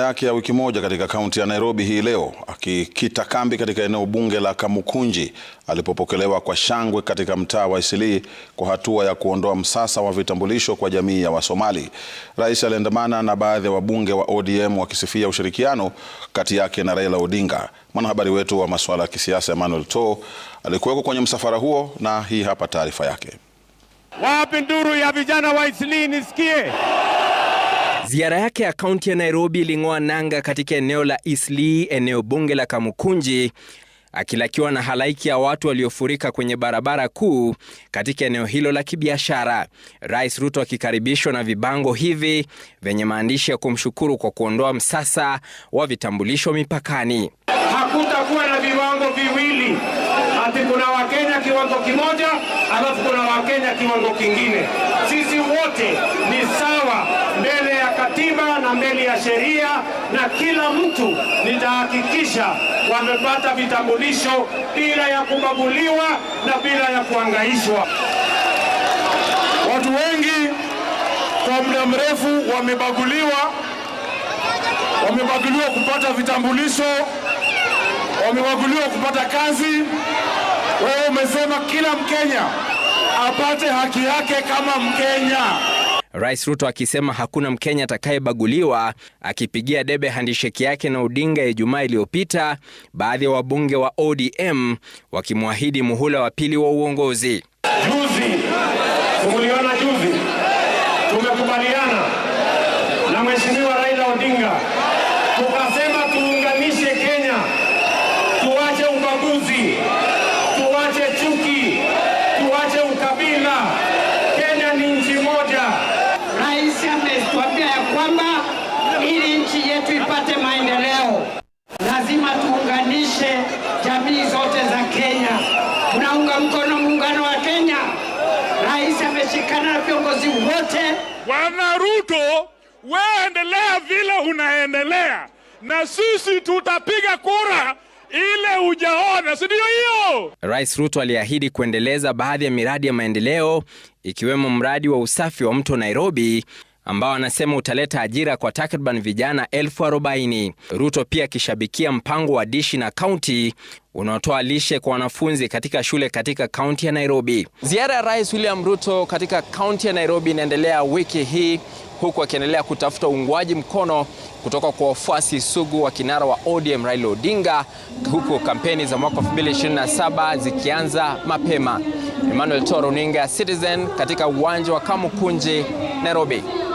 yake ya wiki moja katika kaunti ya Nairobi hii leo akikita kambi katika eneo bunge la Kamukunji alipopokelewa kwa shangwe katika mtaa wa Isilii kwa hatua ya kuondoa msasa wa vitambulisho kwa jamii ya Wasomali. Rais aliandamana na baadhi ya wabunge wa ODM wakisifia ushirikiano kati yake na Raila Odinga. Mwanahabari wetu wa masuala ya kisiasa Emmanuel To alikuwekwa kwenye msafara huo na hii hapa taarifa yake. Wapi nduru ya vijana wa Isilii nisikie? Ziara yake ya kaunti ya Nairobi iling'oa nanga katika eneo la Eastleigh, eneo bunge la Kamukunji, akilakiwa na halaiki ya watu waliofurika kwenye barabara kuu katika eneo hilo la kibiashara. Rais Ruto akikaribishwa na vibango hivi vyenye maandishi ya kumshukuru kwa kuondoa msasa wa vitambulisho mipakani. Hakutakuwa na viwango viwili, ati kuna Wakenya kiwango kimoja alafu kuna Wakenya kiwango kingine. Sisi wote ni ya sheria na kila mtu nitahakikisha wamepata vitambulisho bila ya kubaguliwa na bila ya kuangaishwa. Watu wengi kwa muda mrefu wamebaguliwa, wamebaguliwa kupata vitambulisho, wamebaguliwa kupata kazi. Wewe umesema kila Mkenya apate haki yake kama Mkenya. Rais Ruto akisema hakuna Mkenya atakayebaguliwa, akipigia debe handisheki yake na Odinga ya Ijumaa iliyopita, baadhi ya wabunge wa ODM wakimwahidi muhula wa pili wa uongozi. Juzi tuliona, juzi tumekubaliana na Mheshimiwa Raila Odinga tukasema tuunganishe Kenya, tuache ubaguzi. sisi mmetuambia ya kwamba ili nchi yetu ipate maendeleo lazima tuunganishe jamii zote za Kenya. Tunaunga mkono muungano wa Kenya. Rais ameshikana na viongozi wote. Bwana Ruto, weendelea vile unaendelea, na sisi tutapiga kura ile ujaona, si ndio hiyo? Rais Ruto aliahidi kuendeleza baadhi ya miradi ya maendeleo ikiwemo mradi wa usafi wa mto Nairobi ambao anasema utaleta ajira kwa takriban vijana elfu arobaini. Ruto pia akishabikia mpango wa dishi na kaunti unaotoa lishe kwa wanafunzi katika shule katika kaunti ya Nairobi. Ziara ya Rais William Ruto katika kaunti ya Nairobi inaendelea wiki hii huku akiendelea kutafuta uungwaji mkono kutoka kwa wafuasi sugu wa kinara wa ODM Raila Odinga, huku kampeni za mwaka 2027 zikianza mapema. Emmanuel Toro, runinga Citizen, katika uwanja wa Kamukunji, Nairobi.